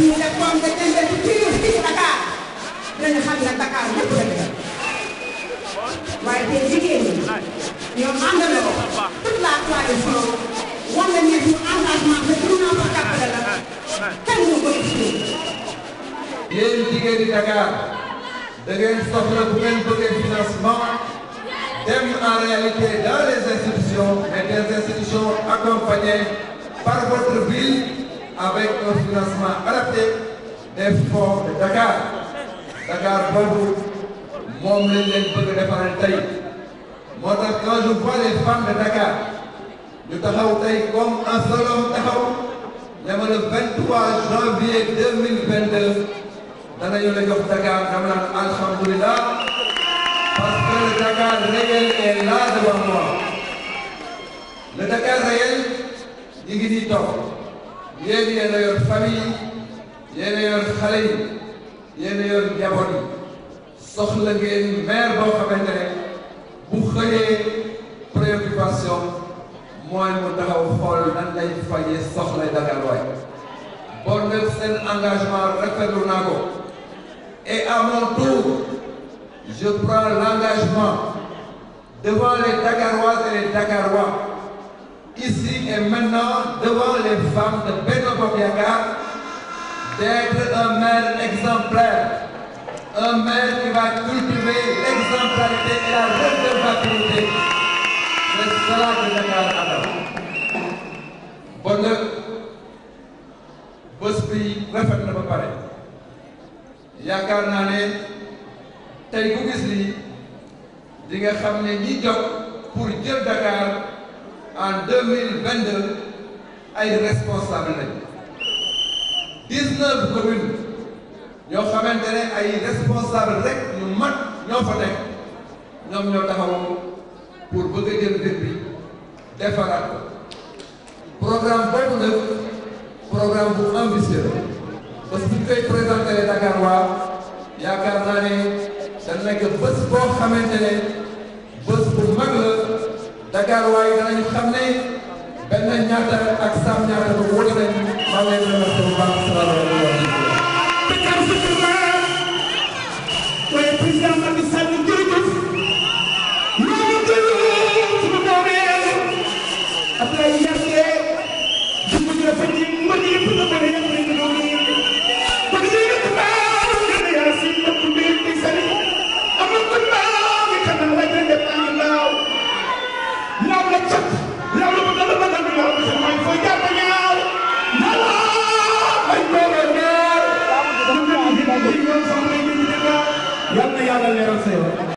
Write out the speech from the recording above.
ñu ne koom nga jëndee ci prix fii ci Dakar dinañu xam ne Dakar lépp la dëgg waaye tey jigéen ñi ñoom àndandoo toute la coalition war na ne ñu engagement bi pour ñu ko jàppale la kenn mu koy expliqué. yéen jigéen ñi Dakar da ngeen soxla bu ngeen bëggee financement dem en réalité dans les institutions mais des institutions accompagnées par votre ville. avec un financement adapté des fonds de Dakar Dakar boobu moom lañ leen bëgg a defaral tey moo tax quand je vois de Dakar ñu taxaw tey comme un seul homme taxaw ne ma le 23 janvier 2022 danañu la jox Dakar dama naan alhamdulilah parce que le Dakar réel est là devant moi le Dakar réel ñu ngi nii toog. Il y a yor famille il y a yor xale il y a yor a soxla maire bu préoccupation mooy mu taxaw xool engagement et à mon tour je prends l'engagement devant les et les dagarois ici et maintenant devant les femmes de d'être un maire exemplaire, un maire qui va cultiver l'exemplarité et la responsabilité C'est cela que je attend. Bon, bés Bonne. rafet na ba pare yaakaar naa ne tey ku gis lii di nga xam ne ñi jot pour dire Dakar en 2022, a été responsable 19 communes ñoo xamante ne ay responsable rek ñu mat ñoo fa ñoom ñoo taxawoon pour bëgg a jël dëkk bi defaraat ko programme boobu nag bu ambitieux parce que bu ñu koy présenté Dakar yaakaar naa ne da nekk bés boo xamante ne bés bu mag la Dakar xam ne benn ñaata ak sam ñaata bu wóor nañu. 残念ながらそのまま座られるように。obrigado, Adriano